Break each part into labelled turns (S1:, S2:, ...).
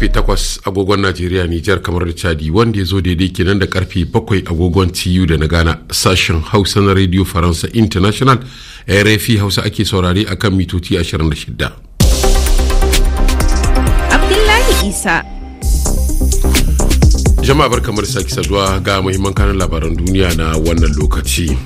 S1: karfe takwas agogon Najeriya Nijar kamar da Chadi wanda ya zo daidai kenan da karfe bakwai agogon TU da na Ghana sashen Hausa na Radio Faransa International RFI Hausa ake saurare akan mitoci 26. Abdullahi Isa Jama'a bar kamar sake saduwa ga muhimman kanan labaran duniya na wannan lokaci.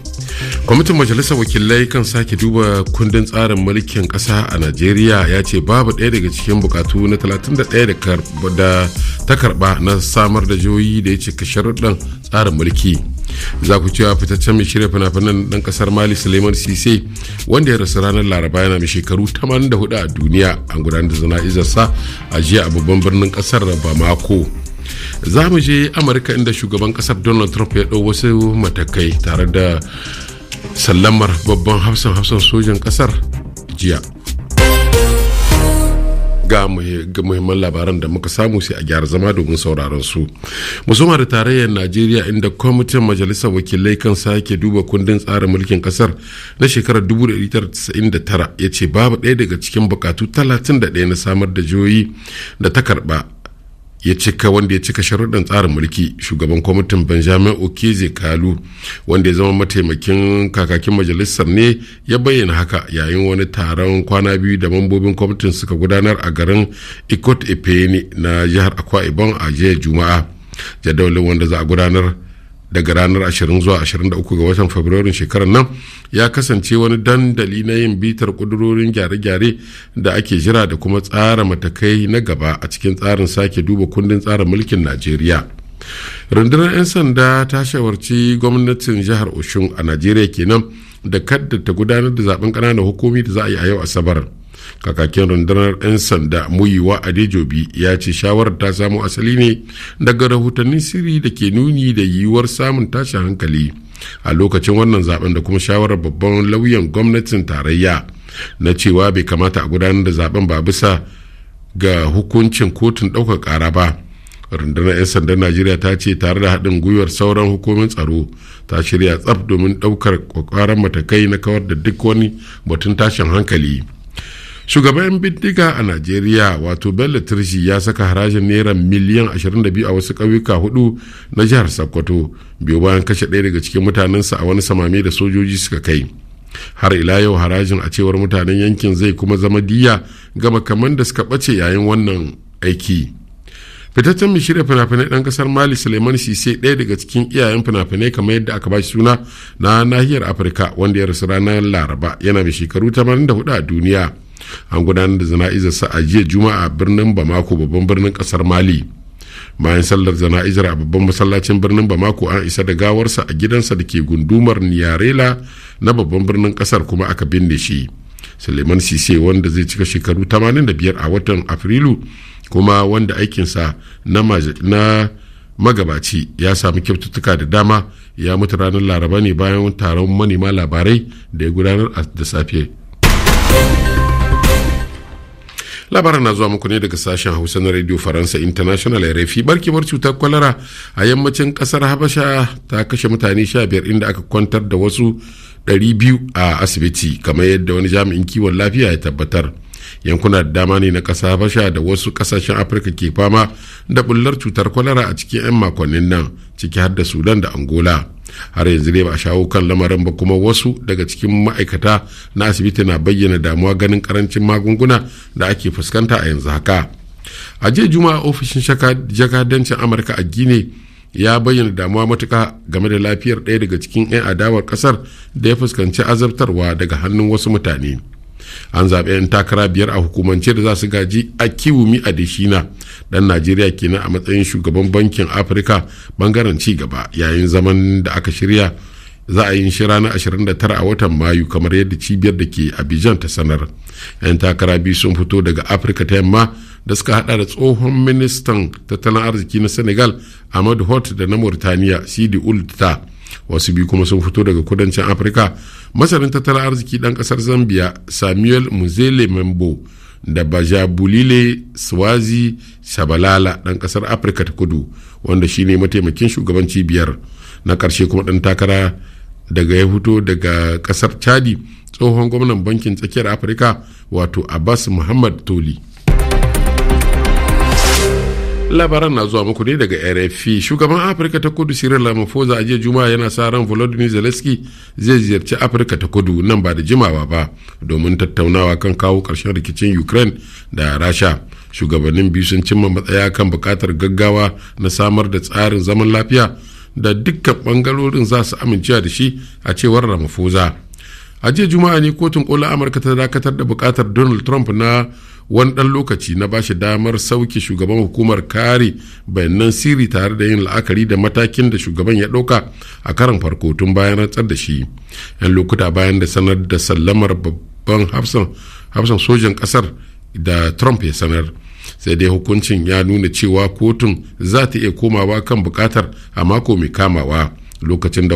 S1: kwamitin majalisar wakilai kan sake duba kundin tsarin mulkin kasa a najeriya ya ce babu ɗaya daga cikin bukatu na 31 da ta karba na samar da jihohi da ya cika sharuɗan tsarin mulki za ku cewa fitaccen mai shirya fina-finan ɗan kasar mali suleiman sise wanda ya rasu ranar laraba yana mai shekaru 84 a duniya an gudanar da zana'izarsa a jiya a babban birnin ƙasar bamako za mu je amurka inda shugaban kasar donald trump ya ɗau wasu matakai tare da sallamar babban hafsan hafsan sojan kasar jiya ga muhimman labaran da muka samu sai a gyara zama domin sauraron su musamman da tarayyar najeriya inda kwamitin majalisar wakilai kan sake duba kundin tsarin mulkin kasar na shekarar 1999 ya ce babu ɗaya daga cikin bukatu 31 na samar da jihohi da ta karba ya cika wanda ya cika sharuɗin tsarin mulki shugaban kwamitin benjamin okeze kalu wanda ya zama mataimakin kakakin majalisar ne ya bayyana haka yayin wani taron kwana biyu da mambobin kwamitin suka gudanar a garin ikot epene na jihar akwa ibon a jiya juma'a jadawalin wanda za a gudanar daga ranar 20 zuwa 23 ga watan fabrairun shekarar nan ya kasance wani dandali na yin bitar kudurorin gyare-gyare da ake jira da kuma tsara matakai na gaba a cikin tsarin sake duba kundin tsarin mulkin najeriya rundunar 'yan sanda ta shawarci gwamnatin jihar oshun a najeriya kenan da kadda ta gudanar da zaben ƙananan hukumi da za a yi a yau asabar. kakakin rundunar 'yan sanda muyiwa adejobi ya ce shawarar ta samo asali ne daga rahotannin sirri da ke nuni da yiwuwar samun tashin hankali a lokacin wannan zaben da kuma shawarar babban lauyan gwamnatin tarayya na cewa bai kamata a gudanar da zaben ba bisa ga hukuncin kotun ɗaukar ƙara ba rundunar 'yan sandan najeriya ta ce tare da haɗin gwiwar sauran hukumin tsaro ta shirya tsaf domin ɗaukar ƙwaƙwaran matakai na kawar da duk wani batun tashin hankali shugaban bindiga a najeriya wato bello tirshi ya saka harajin naira miliyan 22 a wasu ƙauyuka hudu na jihar sokoto biyu bayan kashe ɗaya daga cikin mutanensa a wani samami da sojoji suka kai har ila yau harajin a cewar mutanen yankin zai kuma zama diya ga makaman da suka ɓace yayin wannan aiki fitaccen mai shirya fina-finai ɗan ƙasar mali suleiman sise ɗaya daga cikin iyayen fina-finai kamar yadda aka bashi suna na nahiyar afirka wanda ya rasu ranar laraba yana mai shekaru 84 a duniya an gudanar da sa a jiya juma'a birnin bamako babban birnin kasar mali bayan sallar jana'izar a babban masallacin birnin bamako an isa da gawarsa a gidansa da ke gundumar niyarela na babban birnin kasar kuma aka binne shi suleiman sise wanda zai cika shekaru 85 a watan afrilu kuma wanda aikinsa na magabaci ya sami kyaututtuka da dama ya mutu ranar laraba ne bayan taron manema labarai da ya gudanar da safe labarin na zuwa muku ne daga sashen hausa na radio faransa international rfi barkewar cutar kwalara a yammacin kasar habasha ta kashe mutane sha biyar inda aka kwantar da wasu 200 a asibiti kamar yadda wani jami'in kiwon lafiya ya tabbatar yankuna da dama ne na kasa habasha da wasu kasashen afirka ke fama da bullar cutar kwalara a cikin 'yan makonnin nan ciki har da sudan da angola har yanzu dai ba a shawo kan lamarin ba kuma wasu daga cikin ma'aikata na asibiti na bayyana damuwa ganin karancin magunguna da ake fuskanta a yanzu haka a jiya juma'a ofishin jakadancin amurka a gine ya bayyana damuwa matuka game da lafiyar ɗaya daga cikin 'yan adawar ƙasar da ya fuskanci azabtarwa daga hannun wasu mutane an zaɓe 'yan takara biyar a hukumance da za su gaji a kiwumi a dishina ɗan najeriya kenan a matsayin shugaban bankin afirka bangaren cigaba gaba yayin zaman da aka shirya za a yi shi ranar 29 a watan mayu kamar yadda cibiyar da ke abijan ta sanar yan takara biyu sun fito daga afirka ta yamma da suka hada da tsohon ministan tattalin arziki na senegal ahmad hot da na murtaniya sidi ulta wasu biyu kuma sun fito daga kudancin afirka masarin tattalin arziki dan ƙasar zambia samuel muzele membo da bajabulile swazi shabalala ɗan ƙasar afirka ta kudu wanda shine mataimakin shugaban cibiyar na ƙarshe kuma ɗan takara daga ya fito daga ƙasar chadi tsohon gwamnan bankin tsakiyar afirka wato abbas muhammad toli labaran na zuwa muku ne daga rfp shugaban afirka ta kudu shirin lamafoza a jiya juma'a yana sa ran volodymyr zelensky zai ziyarci afirka ta kudu nan ba da jimawa ba domin tattaunawa kan kawo karshen rikicin ukraine da rasha shugabannin biyu sun cimma matsaya kan bukatar gaggawa na samar da tsarin zaman lafiya da dukkan bangarorin za su amincewa da shi a cewar ramafoza a jiya juma'a ne kotun kola amurka ta dakatar da bukatar donald trump na wani ɗan lokaci na ba shi damar sauke shugaban hukumar kare bayanan sirri tare da yin la'akari da matakin da shugaban ya ɗauka a karan farko tun bayan rantsar da shi yan lokuta bayan da sanar da sallamar babban hafsan sojan ƙasar da trump ya sanar sai dai hukuncin ya nuna cewa kotun za ta iya komawa kan bukatar a mako mai kamawa lokacin da